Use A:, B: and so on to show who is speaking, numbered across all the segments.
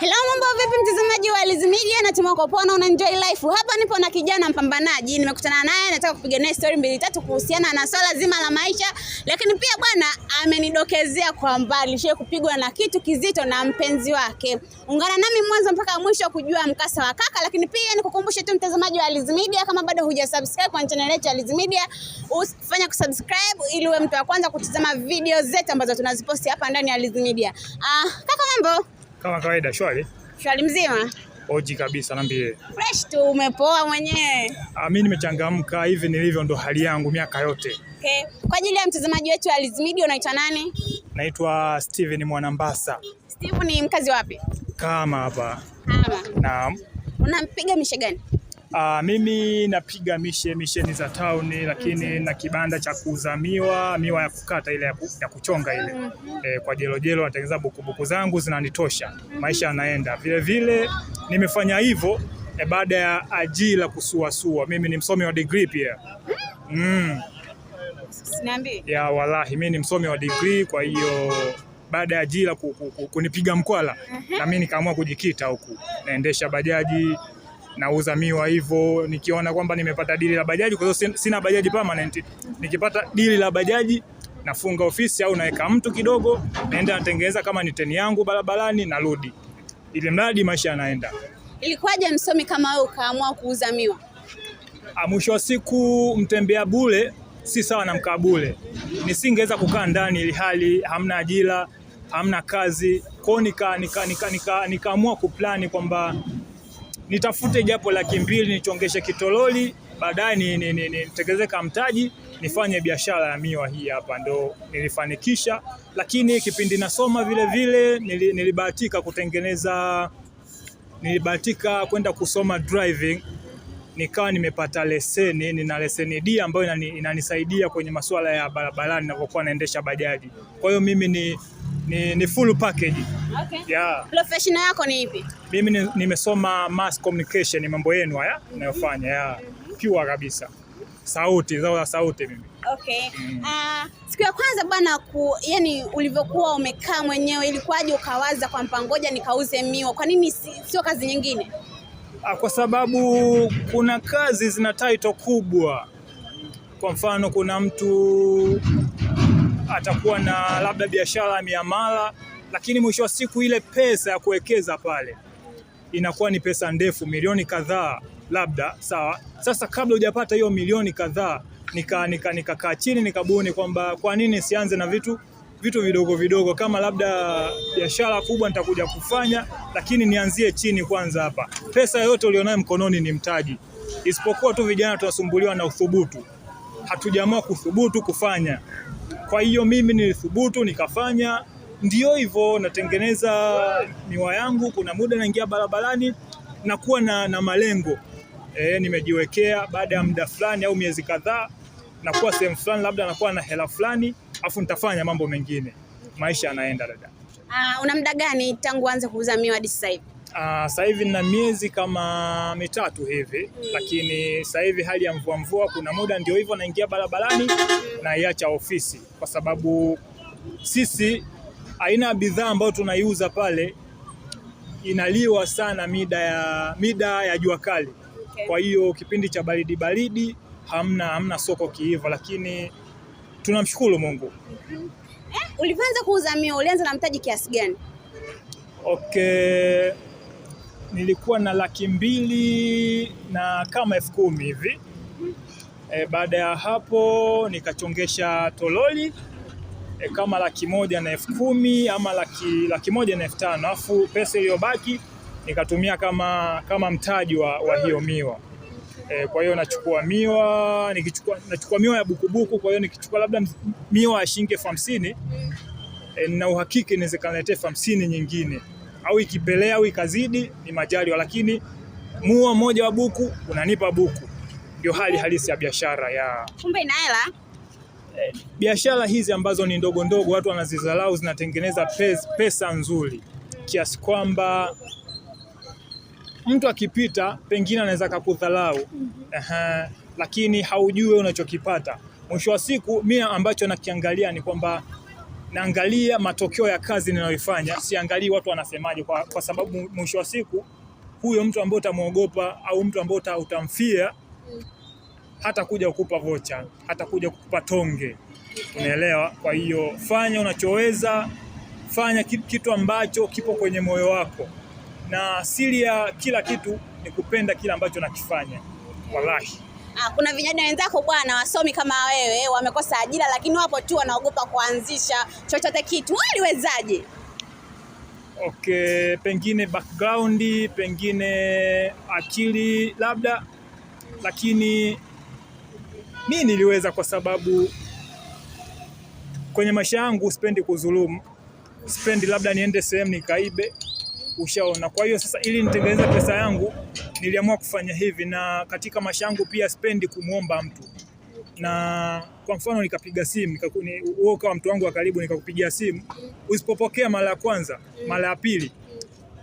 A: Hello, mambo vipi mtazamaji wa Liz Media, natumai uko poa na una enjoy life. Hapa nipo na kijana mpambanaji, nimekutana naye, nataka kupiga naye story mbili tatu kuhusiana na swala zima la maisha, lakini pia bwana amenidokezea kwa mbali alishawahi kupigwa na kitu kizito na mpenzi wake. Ungana nami mwanzo mpaka mwisho kujua mkasa wa kaka, lakini pia nikukumbushe tu mtazamaji wa Liz Media, kama bado hujasubscribe kwa channel yetu ya Liz Media, usifanye kusubscribe ili uwe mtu wa kwanza kutazama video zetu ambazo tunaziposti hapa ndani ya Liz Media. Ah, kaka mambo kama kawaida shwari? Shwari mzima. Oji kabisa niambie. Fresh tu umepoa mwenyewe. Ah, mimi nimechangamka hivi nilivyo ndo hali yangu miaka yote. Okay. Kwa ajili ya mtazamaji wetu wa Liz Media unaitwa nani? Naitwa Steven Mwanambasa. Steven ni mkazi wapi? Kama hapa. Kama. Naam. Unampiga mishe gani? Uh, mimi napiga mishe misheni za town lakini mhm. na kibanda cha kuuza miwa miwa ya kukata ile ya kuchonga ile mm -hmm. E, kwa jelojelo natengeneza bukubuku zangu zinanitosha mm -hmm. Maisha yanaenda vilevile, nimefanya hivyo e, baada ya ajira kusuasua. Mimi ni msomi wa degree pia mm. Ya walahi, mimi ni msomi wa degree, kwa hiyo baada ya ajira kunipiga mkwala uh mhm. -huh. na mimi nikaamua kujikita huku naendesha bajaji nauza miwa hivyo, nikiona kwamba nimepata dili la bajaji, kwa sababu sina bajaji permanent. Nikipata dili la bajaji nafunga ofisi au naweka mtu kidogo, naenda natengeneza kama ni teni yangu barabarani, narudi, ili mradi maisha yanaenda. Ilikuwaje msomi kama wewe ukaamua kuuza miwa? Ah, mwisho wa siku, mtembea bure si sawa na mkaa bure. Nisingeweza kukaa ndani ili hali hamna ajira, hamna kazi kwao, nika nikaamua nika, nika, nika kuplani kwamba nitafute japo laki mbili nichongeshe kitololi, baadaye nitengeneze mtaji nifanye biashara ya miwa hii hapa, ndo nilifanikisha. Lakini kipindi nasoma vile vile nilibahatika kutengeneza, nilibahatika kwenda kusoma driving, nikawa nimepata leseni, nina leseni D ambayo inanisaidia kwenye masuala ya barabarani ninapokuwa naendesha bajaji. Kwa hiyo mimi ni ni, ni full package. Okay. Yeah. Profession yako ni ipi? Mimi nimesoma mass communication, mambo yenu haya mm -hmm. Pure kabisa. Sauti, zao sauti mimi. Okay. Mm. Uh, siku ya kwanza bwana ku, yani ulivyokuwa umekaa mwenyewe ilikuwaje ukawaza kwamba ngoja nikauze miwa? Kwa nini sio kazi nyingine? Ah, kwa sababu kuna kazi zina title kubwa. Kwa mfano kuna mtu atakuwa na labda biashara ya miamala, lakini mwisho wa siku ile pesa ya kuwekeza pale inakuwa ni pesa ndefu, milioni kadhaa labda. Sawa, sasa kabla hujapata hiyo milioni kadhaa, nikakaa nika, nika chini nikabuni kwamba kwa nini sianze na vitu vitu vidogo vidogo, kama labda biashara kubwa nitakuja kufanya, lakini nianzie chini kwanza. Hapa pesa yote ulionayo mkononi ni mtaji, isipokuwa tu vijana tunasumbuliwa na uthubutu, hatujaamua kuthubutu kufanya. Kwa hiyo mimi nilithubutu nikafanya, ndio hivyo, natengeneza miwa yangu. Kuna muda naingia barabarani nakuwa na, na malengo e, nimejiwekea baada ya muda fulani au miezi kadhaa nakuwa sehemu fulani, labda nakuwa na hela fulani, afu nitafanya mambo mengine, maisha yanaenda dada. Uh, una muda gani tangu anze kuuza miwa hadi sasa hivi? Ah, sasa hivi na miezi kama mitatu hivi, hmm. lakini sasa hivi hali ya mvua mvua, kuna muda ndio hivyo naingia barabarani hmm. na iacha ofisi, kwa sababu sisi aina ya bidhaa ambayo tunaiuza pale inaliwa sana mida ya, mida ya jua kali okay. Kwa hiyo kipindi cha baridi baridi hamna hamna soko kiivo, lakini tunamshukuru Mungu. mm -hmm. Eh, ulivyoanza kuuza miwa ulianza na mtaji kiasi gani? Okay nilikuwa na laki mbili na kama elfu kumi hivi. E, baada ya hapo nikachongesha tololi e, kama laki moja na elfu kumi ama laki, laki moja na elfu tano alafu pesa iliyobaki nikatumia kama, kama mtaji wa, wa hiyo miwa e, kwa hiyo nachukua miwa nikichukua, nachukua miwa ya bukubuku. Kwa hiyo nikichukua labda miwa ya shilingi elfu hamsini e, na uhakiki inaweza kaniletea elfu hamsini nyingine au ikipelea au ikazidi ni majaliwa, lakini mua moja wa buku unanipa buku. Ndio hali halisi ya biashara ya kumbe ina hela. Eh, biashara hizi ambazo ni ndogo ndogo watu wanazidharau zinatengeneza pes, pesa nzuri kiasi kwamba mtu akipita pengine anaweza kakudharau mm -hmm. lakini haujui unachokipata mwisho wa siku. Mimi ambacho nakiangalia ni kwamba naangalia matokeo ya kazi ninayoifanya, siangalii watu wanasemaje, kwa, kwa sababu mwisho wa siku huyo mtu ambaye utamwogopa au mtu ambaye utamfia hata kuja kukupa vocha, hata kuja kukupa tonge, unaelewa? Kwa hiyo fanya unachoweza, fanya kitu ambacho kipo kwenye moyo wako, na siri ya kila kitu ni kupenda kile ambacho nakifanya, wallahi. Ah, kuna vijana wenzako bwana wasomi kama wewe wamekosa ajira, lakini wapo tu wanaogopa kuanzisha chochote kitu, waliwezaje? Okay, pengine background, pengine akili labda, lakini mi niliweza kwa sababu kwenye maisha yangu sipendi kudhulumu, sipendi labda niende sehemu nikaibe ushaona. Kwa hiyo sasa, ili nitengeneze pesa yangu, niliamua kufanya hivi, na katika maisha yangu pia spendi kumwomba mtu na kwa mfano nikapiga simu wewe ukawa mtu wangu wa karibu, nikakupigia simu usipopokea mara ya kwanza, mara ya pili,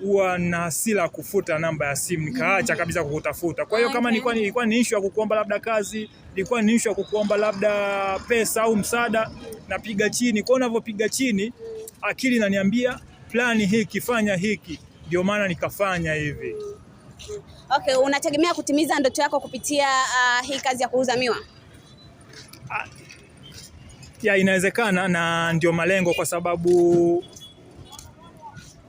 A: huwa na hasira kufuta namba ya simu, nikaacha kabisa kukutafuta. Kwa hiyo kama nilikuwa nilikuwa ni issue ya kukuomba labda kazi, nilikuwa ni issue ya kukuomba labda pesa au msaada, napiga chini. Kwa hiyo unavyopiga chini, akili inaniambia plani hiki, fanya hiki, ndio maana nikafanya hivi. Okay, unategemea kutimiza ndoto yako kupitia uh, hii kazi ya kuuza miwa? Ah, ya inawezekana na ndio malengo kwa sababu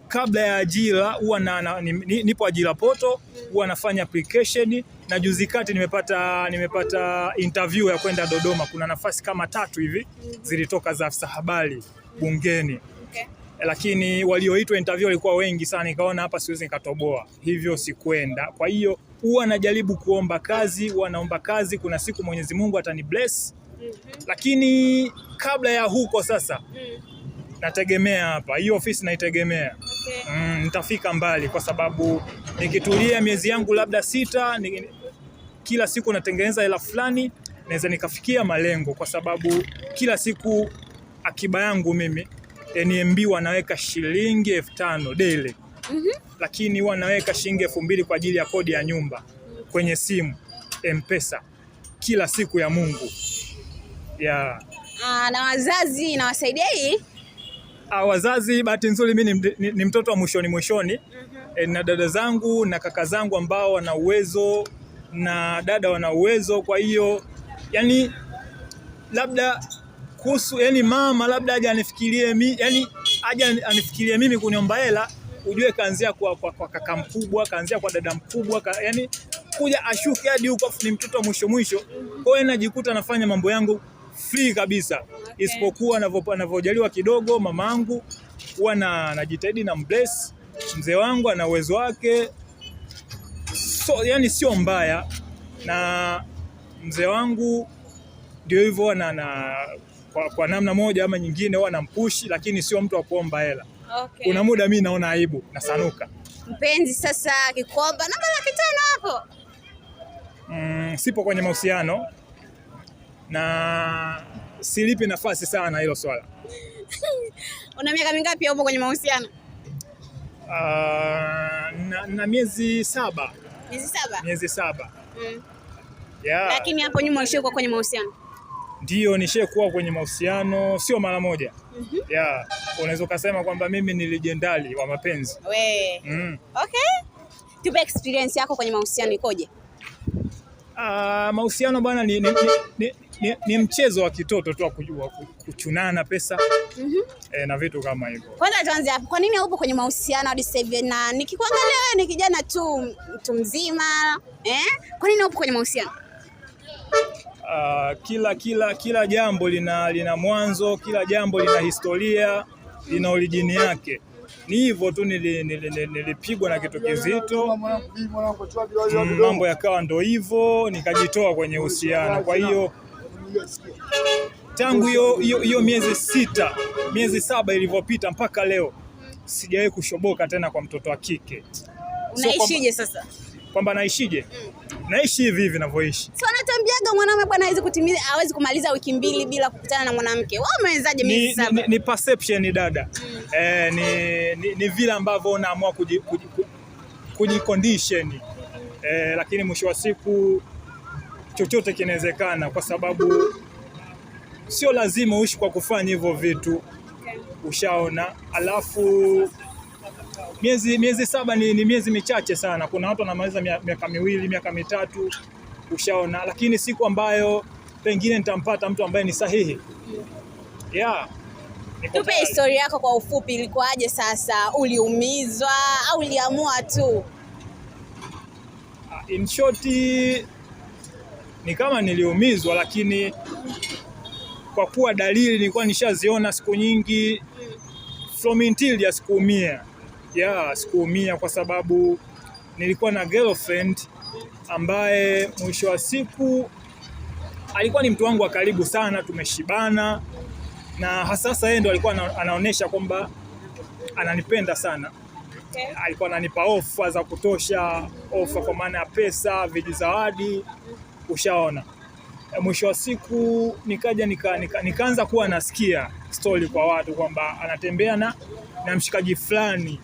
A: kabla ya ajira huwa na, na, nipo ajira poto huwa nafanya application na juzi kati nimepata nimepata interview ya kwenda Dodoma. Kuna nafasi kama tatu hivi zilitoka za afisa habari bungeni lakini walioitwa interview walikuwa wengi sana, nikaona hapa siwezi nikatoboa, hivyo sikwenda. Kwa hiyo huwa najaribu kuomba kazi, huwa naomba kazi, kuna siku Mwenyezi Mungu atani bless. Mm -hmm. Lakini kabla ya huko sasa mm. Nategemea hapa hiyo ofisi naitegemea. Okay. Mm, nitafika mbali kwa sababu nikitulia miezi yangu labda sita ni, kila siku natengeneza hela fulani naweza nikafikia malengo, kwa sababu kila siku akiba yangu mimi NMB wanaweka shilingi elfu tano dele mm -hmm. Lakini wanaweka shilingi elfu mbili kwa ajili ya kodi ya nyumba kwenye simu Mpesa kila siku ya Mungu yeah. Ah, na wazazi inawasaidia hii ah, wazazi bahati nzuri mi ni, ni, ni mtoto wa mwishoni mwishoni mm -hmm. E, na dada zangu na kaka zangu ambao wana uwezo na dada wana uwezo, kwa hiyo yani labda kuhusu yani mama labda aje anifikirie mimi, yani aje anifikirie mimi kuniomba hela, ujue kaanzia kwa, kwa, kwa kaka mkubwa, kaanzia kwa dada mkubwa ka, yani kuja ashuke hadi huko, afu ni mtoto mwisho mwisho. Kwa hiyo najikuta anafanya mambo yangu free kabisa okay. Isipokuwa anavyojaliwa kidogo, mamangu huwa na anajitahidi na mbless mzee wangu, ana uwezo wake, so yani sio mbaya, na mzee wangu ndio hivyo na, na kwa, kwa namna moja ama nyingine huwa nampushi, lakini sio mtu wa kuomba hela. Okay. Kuna muda mimi naona aibu nasanuka. Mpenzi sasa, Kikomba namba laki tano hapo. Mm, sipo kwenye mahusiano na silipi nafasi sana hilo swala. Una miaka mingapi upo kwenye mahusiano? Uh, na, na miezi saba. Miezi saba? Miezi saba. Mm. Yeah. Lakini hapo nyuma ulikuwa kwenye mahusiano? ndio nishakuwa kwenye mahusiano sio mara moja. mm -hmm. Yeah, unaweza ukasema kwamba mimi ni legendari wa mapenzi. We. Mm. Okay. Tupe experience yako kwenye mahusiano ikoje? Uh, mahusiano bwana ni, ni, ni, ni, ni, ni mchezo wa kitoto tu kujua kuchunana pesa mm -hmm. E, na vitu kama hivyo. Kwanza tuanze hapo, kwa nini upo kwenye mahusiano hadi sasa hivi? Na nikikuangalia wewe ni kijana tu mtu mzima eh? Kwa nini upo kwenye mahusiano? uh, kila kila kila jambo lina, lina mwanzo, kila jambo lina historia, lina orijini yake. Ni hivyo tu, nilipigwa na kitu kizito, mm, mambo yakawa ndo hivyo, nikajitoa kwenye uhusiano. Kwa hiyo tangu hiyo miezi sita miezi saba ilivyopita mpaka leo sijawahi kushoboka tena kwa mtoto wa kike. Unaishije? sasa kwamba naishije? mm naishi hivi hivi ninavyoishi. Sio anatambiaga mwanaume bwana hawezi kutimiza hawezi kumaliza wiki mbili bila kukutana na mwanamke. Wewe umewezaje miezi saba? Ni, ni, ni perception dada. Mm. Eh, ni, ni, ni vile ambavyo unaamua kuji, kuji, kuji condition. Eh, lakini mwisho wa siku chochote kinawezekana kwa sababu sio lazima uishi kwa kufanya hivyo vitu. Ushaona alafu miezi, miezi saba ni, ni miezi michache sana. Kuna watu wanamaliza miaka miwili miaka mitatu, ushaona, lakini siku ambayo pengine nitampata mtu ambaye ni sahihi yeah. Tupe historia yako kwa ufupi, ilikuwaje? Sasa uliumizwa au uliamua tu? Ah, in short ni kama niliumizwa, lakini kwa kuwa dalili nilikuwa nishaziona siku nyingi, from until ya sikuumia yeah, sikuumia kwa sababu nilikuwa na girlfriend ambaye mwisho wa siku alikuwa ni mtu wangu wa karibu sana, tumeshibana na hasasa yeye ndo alikuwa anaonesha kwamba ananipenda sana. Alikuwa ananipa ofa za kutosha, ofa kwa maana ya pesa, vijizawadi, ushaona. E, mwisho wa siku nikaja nika, nika, nikaanza kuwa nasikia stori kwa watu kwamba anatembea na na mshikaji fulani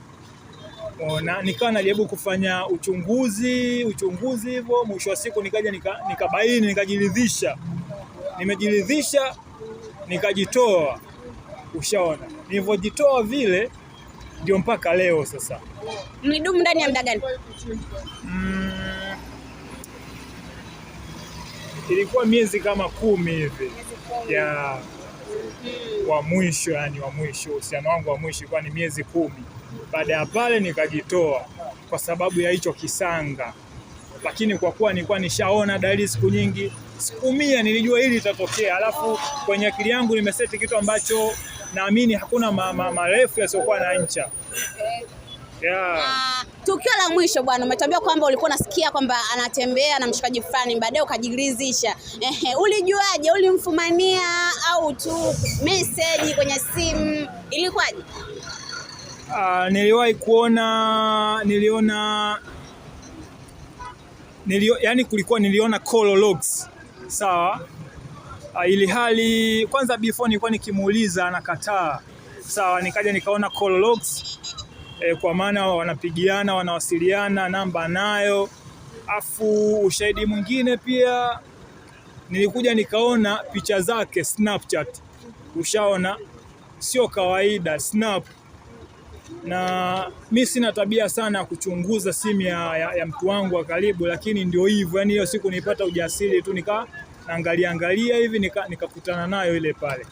A: na nikawa najaribu kufanya uchunguzi uchunguzi hivyo, mwisho wa siku nikaja nikabaini, nika nikajiridhisha, nimejiridhisha, nikajitoa. Ushaona, nilivyojitoa vile ndio mpaka leo sasa. Mlidumu ndani ya muda gani? Mm, ilikuwa miezi kama kumi hivi ya wa mwisho, yani wa mwisho, uhusiano wangu wa mwisho ilikuwa ni miezi kumi. Baada ya pale nikajitoa kwa sababu ya hicho kisanga, lakini kwa kuwa nilikuwa nishaona dalili siku nyingi, siku mia nilijua hili litatokea. Alafu kwenye akili yangu nimeseti kitu ambacho naamini hakuna marefu ma, ma yasiokuwa na ncha yeah. Ah, tukio la mwisho bwana, umetambia kwamba ulikuwa unasikia kwamba anatembea na mshikaji fulani, baadaye ukajiridhisha. Ehe, ulijuaje? Ulimfumania au tu message kwenye simu, ilikuwaje? Uh, niliwahi kuona niliona nilio, yani kulikuwa niliona color Logs sawa. Uh, ah, ili hali kwanza before nilikuwa nikimuuliza anakataa sawa, nikaja nikaona color Logs eh, kwa maana wanapigiana wanawasiliana, namba nayo. Afu ushahidi mwingine pia nilikuja nikaona picha zake Snapchat, ushaona sio kawaida snap na mi sina tabia sana ya kuchunguza simu ya, ya, ya mtu wangu wa karibu, lakini ndio hivyo yani, hiyo siku nilipata ujasiri tu nika naangalia angalia hivi nikakutana nika nayo ile pale,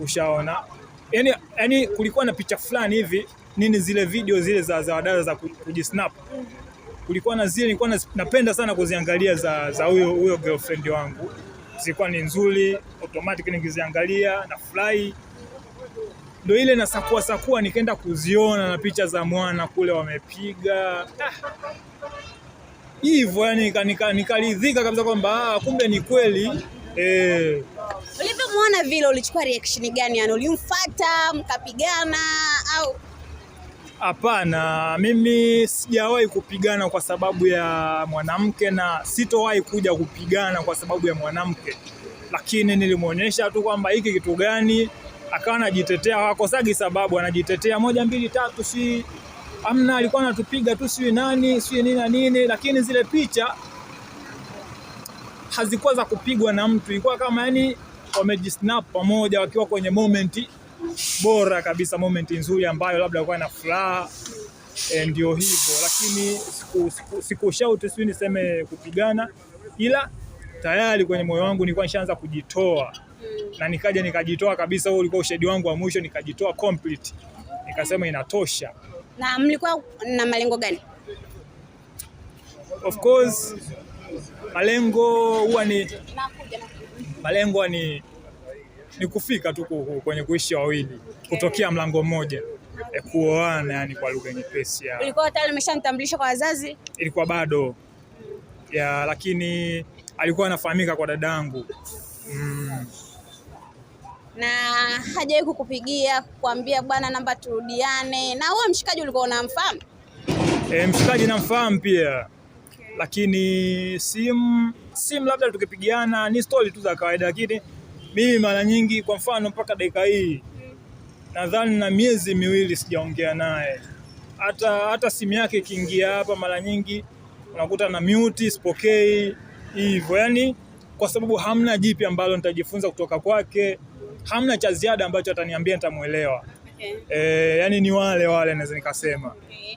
A: ushaona yani, yani kulikuwa na picha fulani hivi nini zile video zile za, za wadada za kujisnap kulikuwa na zile nilikuwa napenda sana kuziangalia za za huyo huyo girlfriend wangu, zilikuwa ni nzuri, automatic nikiziangalia na fly ndo ile na sakua sakua, nikaenda kuziona na picha za mwana kule wamepiga hivyo Yani nikaridhika kabisa kwamba ah, kumbe ni kweli eh. Ulivyomwona vile ulichukua reaction gani? Yani ulimfuata mkapigana au Hapana, mimi sijawahi kupigana kwa sababu ya mwanamke na sitowahi kuja kupigana kwa sababu ya mwanamke, lakini nilimwonyesha tu kwamba hiki kitu gani akawa anajitetea, wakosagi sababu, anajitetea moja mbili tatu, si amna, alikuwa anatupiga tu, si nani si nini na nini, lakini zile picha hazikuwa za kupigwa na mtu, ilikuwa kama yani wamejisnap pamoja wakiwa kwenye moment bora kabisa, moment nzuri ambayo labda alikuwa na furaha e, ndio hivyo. Lakini siku siku, siku niseme kupigana, ila tayari kwenye moyo wangu nilikuwa nishaanza kujitoa na nikaja nikajitoa kabisa. Huo ulikuwa ushahidi wangu wa mwisho, nikajitoa complete, nikasema inatosha. Na mlikuwa na malengo gani? Of course malengo huwa ni malengo ni ni kufika tu kwenye kuishi wawili, kutokea mlango mmoja e, kuoana, yani kwa lugha nyepesi. Ilikuwa tayari umeshamtambulisha kwa wazazi? Ilikuwa bado ya, lakini alikuwa anafahamika kwa dadangu mm na hajawahi kukupigia kukwambia bwana, namba turudiane. Na wewe mshikaji ulikuwa unamfahamu? E, mshikaji namfahamu pia okay. Lakini simu simu labda tukipigiana ni stori tu za kawaida, lakini mimi mara nyingi, kwa mfano mpaka dakika hii mm. nadhani na miezi miwili sijaongea naye hata hata simu yake ikiingia hapa mara nyingi unakuta na mute, sipokei hivyo, yani kwa sababu hamna jipi ambalo nitajifunza kutoka kwake hamna cha ziada ambacho ataniambia nitamuelewa. Okay. E, yani ni wale wale naweza nikasema. Okay.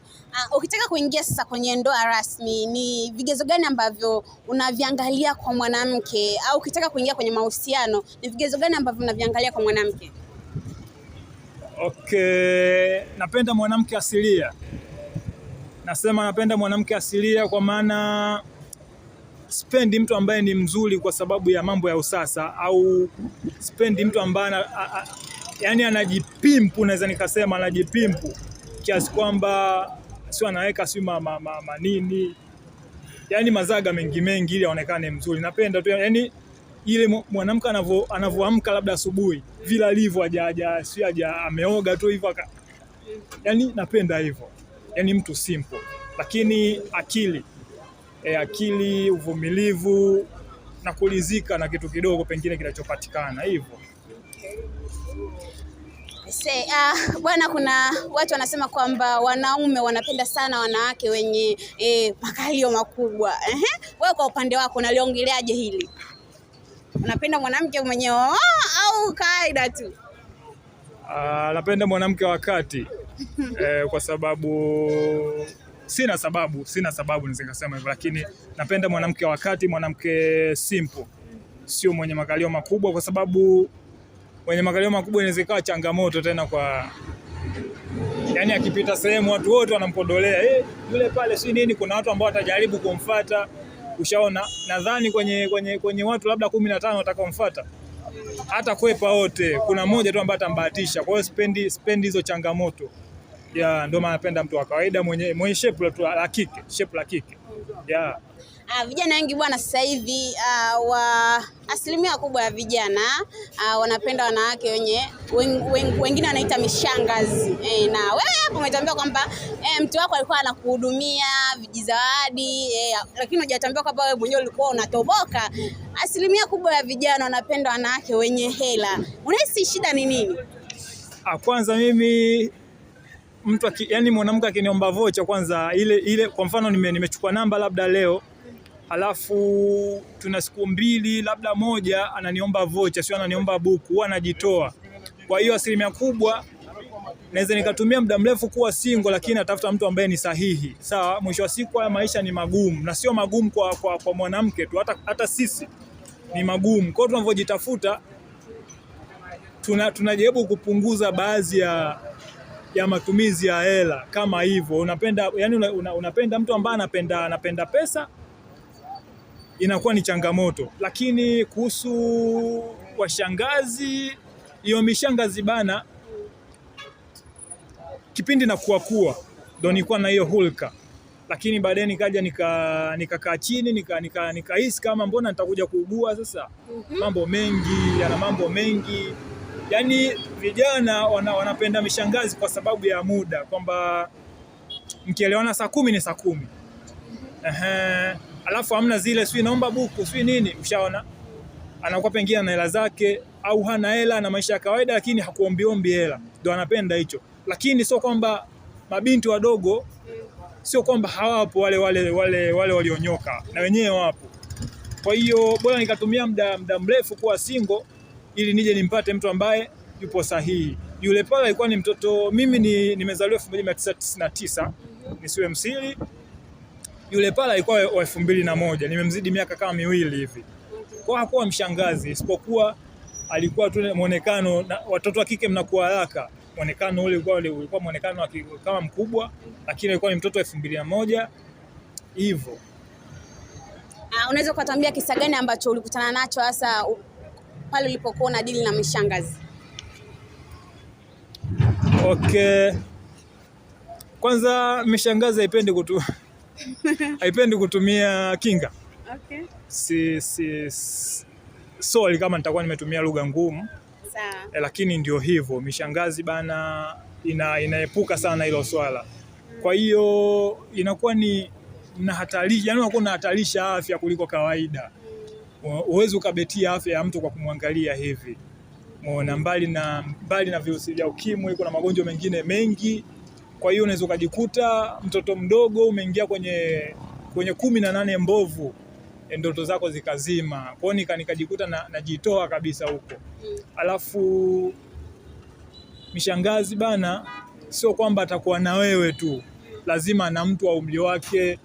A: Uh, ukitaka kuingia sasa kwenye ndoa rasmi ni vigezo gani ambavyo unaviangalia kwa mwanamke, au ukitaka kuingia kwenye mahusiano ni vigezo gani ambavyo unaviangalia kwa mwanamke? Okay, napenda mwanamke asilia. Nasema napenda mwanamke asilia kwa maana spendi mtu ambaye ni mzuri kwa sababu ya mambo ya usasa au spendi mtu ambaye a, a, yani anajipimpu, naweza nikasema anajipimpu kiasi kwamba sio anaweka sio ma, ma, ma, nini yani mazaga mengi mengi ili aonekane mzuri. Napenda tu yani ile mwanamke anavyoamka labda asubuhi vile alivyo, haja si aja ameoga tu hivyo, yani napenda hivyo, yani mtu simple lakini akili e, akili, uvumilivu na kulizika na kitu kidogo pengine kinachopatikana hivyo. Uh, bwana, kuna watu wanasema kwamba wanaume wanapenda sana wanawake wenye eh, makalio makubwa. Wewe kwa upande wako unaliongeleaje hili? Unapenda mwanamke mwenye oh, au kawaida tu? Uh, napenda mwanamke wa kati eh, kwa sababu sina sababu, sina sababu nikasema hivyo, lakini napenda mwanamke wa kati, mwanamke simple, sio mwenye makalio makubwa, kwa sababu mwenye makalio makubwa inaweza ikawa changamoto tena kwa yani akipita sehemu watu wote wanamkondolea, eh, yule pale si nini. Kuna watu ambao watajaribu kumfuata, ushaona. Nadhani kwenye, kwenye, kwenye watu labda kumi na tano watakaomfuata hata kwepa wote, kuna mmoja tu ambaye atambahatisha. Kwa hiyo spendi spendi hizo changamoto ya ndio maana napenda mtu wa kawaida mwenye mwenye shape la kike, shape la kike. Yeah. Ah, vijana wengi bwana sasa hivi uh, wa asilimia kubwa ya vijana uh, wanapenda wanawake wenye weng, weng, wengine wanaita mishangazi e, na wewe hapo umetambia kwamba e, mtu wako alikuwa anakuhudumia vijizawadi e, lakini hujatambia kwamba wewe mwenyewe ulikuwa unatoboka. Asilimia kubwa ya vijana wanapenda wanawake wenye hela. Unahisi shida ni nini? Ah, kwanza mimi mtu aki, yani mwanamke akiniomba vocha kwanza ile, ile kwa mfano nimechukua nime namba labda leo alafu tuna siku mbili labda moja ananiomba vocha, sio ananiomba buku, huwa anajitoa. Kwa hiyo asilimia kubwa naweza nikatumia muda mrefu kuwa single, lakini natafuta mtu ambaye ni sahihi. Sawa, mwisho wa siku haya maisha ni magumu, na sio magumu kwa, kwa, kwa mwanamke tu, hata, hata sisi ni magumu. Kwa hiyo tunavyojitafuta tunajaribu tuna kupunguza baadhi ya ya matumizi ya hela kama hivyo. Unapenda yani una, una, unapenda mtu ambaye anapenda anapenda pesa inakuwa ni changamoto, lakini kuhusu washangazi, hiyo mishangazi bana, kipindi na kuwa ndo nilikuwa na hiyo hulka, lakini baadaye nikaja nikakaa nika chini nikahisi nika, nika kama mbona nitakuja kuugua sasa. Mhm. Mambo mengi yana mambo mengi yani vijana wana, wanapenda mishangazi kwa sababu ya muda, kwamba mkielewana saa kumi ni saa kumi. Ehe, alafu hamna zile sijui naomba buku sijui nini, mshaona anakuwa pengine ana hela zake au hana hela na maisha ya kawaida, lakini hakuombiombi hela, ndo anapenda hicho. Lakini sio kwamba mabinti wadogo, sio kwamba hawapo wale wale wale wale walionyoka, na wenyewe wapo. Kwa hiyo bora nikatumia muda muda mrefu kuwa single ili nije nimpate mtu ambaye yupo sahihi. Yule pale alikuwa ni mtoto, mimi ni nimezaliwa 1999 nisiwe msiri, yule pale alikuwa wa moja nimemzidi miaka kama miwili hivi. Kwa hakuwa mshangazi, isipokuwa alikuwa tu muonekano, watoto wa kike mnakuwa haraka muonekano ule ulikuwa ulikuwa muonekano kama mkubwa, lakini alikuwa ni mtoto wa elfu mbili na moja hivyo. Ah, unaweza ukatwambia kisa gani ambacho ulikutana nacho hasa pale ulipokuwa una dili na mshangazi? Okay, kwanza mishangazi haipendi kutu... haipendi kutumia kinga okay. Si, si, sorry kama nitakuwa nimetumia lugha ngumu e, lakini ndio hivyo mishangazi bana ina, inaepuka sana hilo swala Kwa hiyo inakuwa ni hatari, yani unakuwa unahatarisha afya kuliko kawaida Huwezi ukabetia afya ya mtu kwa kumwangalia hivi. Muona mbali na mbali na virusi vya ukimwi kuna magonjwa mengine mengi. Kwa hiyo unaweza ukajikuta mtoto mdogo umeingia kwenye kwenye kumi na nane mbovu, eh, ndoto zako zikazima. Kwa hiyo nikajikuta na, najitoa kabisa huko. Alafu mishangazi bana, sio kwamba atakuwa na wewe tu, lazima na mtu wa umri wake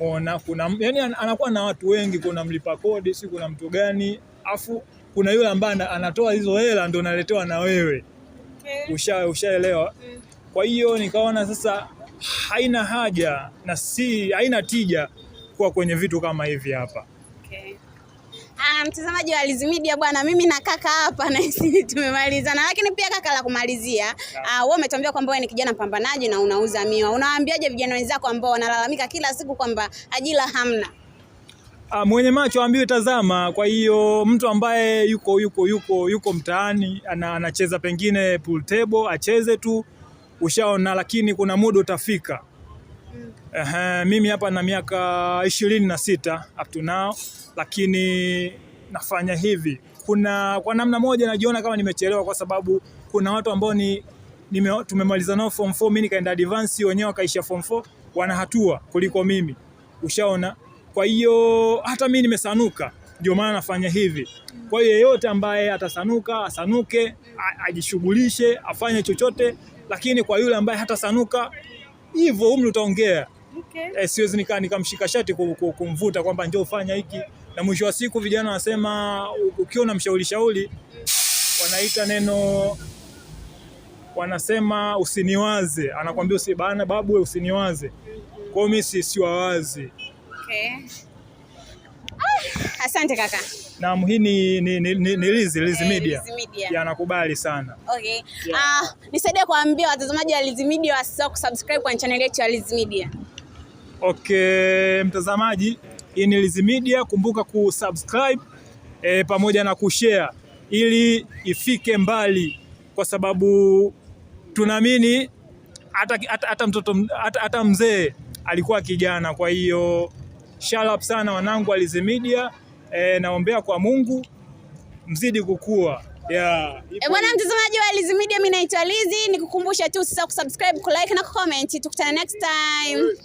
A: Ona, kuna yani anakuwa na watu wengi, kuna mlipa kodi, si kuna mtu gani, afu kuna yule ambaye anatoa hizo hela ndo naletewa na wewe okay. Usha, ushaelewa mm. Kwa hiyo nikaona sasa haina haja na si haina tija kuwa kwenye vitu kama hivi hapa. Ah, mtazamaji wa Lizzy Media bwana, mimi na kaka hapa na sisi tumemalizana, lakini pia kaka, la kumalizia, ah, wewe umetuambia kwamba wewe ni kijana mpambanaji na unauza miwa, unawaambiaje vijana wenzako ambao wanalalamika kila siku kwamba ajira hamna? A, ah, mwenye macho ambiwe tazama. Kwa hiyo mtu ambaye yuko yuko yuko yuko mtaani anacheza pengine pool table acheze tu, ushaona, lakini kuna muda utafika. mm. Uh, mimi hapa na miaka ishirini na sita up to now lakini nafanya hivi. Kuna kwa namna moja najiona kama nimechelewa, kwa sababu kuna watu ambao ni tumemaliza nao form 4 mimi nikaenda advance, wenyewe wakaisha form 4, wana hatua kuliko mimi, ushaona. Kwa hiyo hata mimi nimesanuka, ndio maana nafanya hivi. Kwa hiyo yeyote ambaye atasanuka asanuke, ajishughulishe, afanye chochote, lakini kwa yule ambaye hatasanuka hivyo, umri utaongea. Okay. Eh, siwezi nikaa nikamshika shati kumvuta kwamba njoo ufanya hiki na mwisho wa siku vijana wanasema ukiwa na mshauri shauri, wanaita neno, wanasema usiniwaze, anakwambia usi bana babu, wewe usiniwaze. Kwa hiyo mimi si siwawazi. Okay. Ah, asante kaka. Naam, hii ni ni, ni, ni, ni Lizzy, Lizi eh, Media. Media. Anakubali sana. Okay. Yeah. Uh, nisaidie kuambia watazamaji wa Lizzy Media wasisahau kusubscribe kwa channel yetu ya Lizzy Media. Okay, mtazamaji Iniliz Media, kumbuka kusubscribe e, pamoja na kushare ili ifike mbali, kwa sababu tunaamini hata hata mtoto hata mzee alikuwa kijana. Kwa hiyo sharp sana wanangu Aliz Media e, naombea kwa Mungu mzidi kukua. Yeah. E, bwana mtazamaji wa Liz Media, mimi naitwa Lizzy, nikukumbusha tu sasa kusubscribe, kulike na kucomment. Tukutane next time.